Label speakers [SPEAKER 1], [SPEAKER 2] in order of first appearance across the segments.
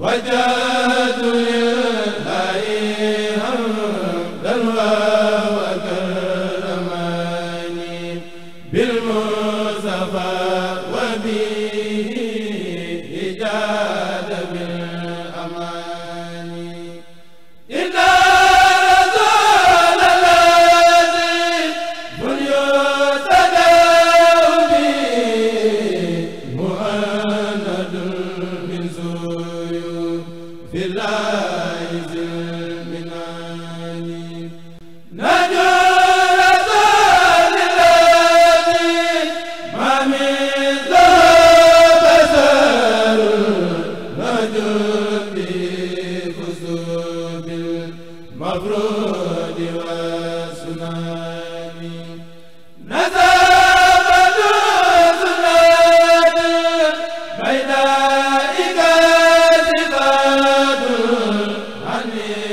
[SPEAKER 1] wajadu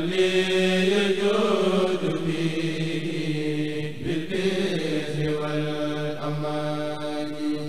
[SPEAKER 1] ali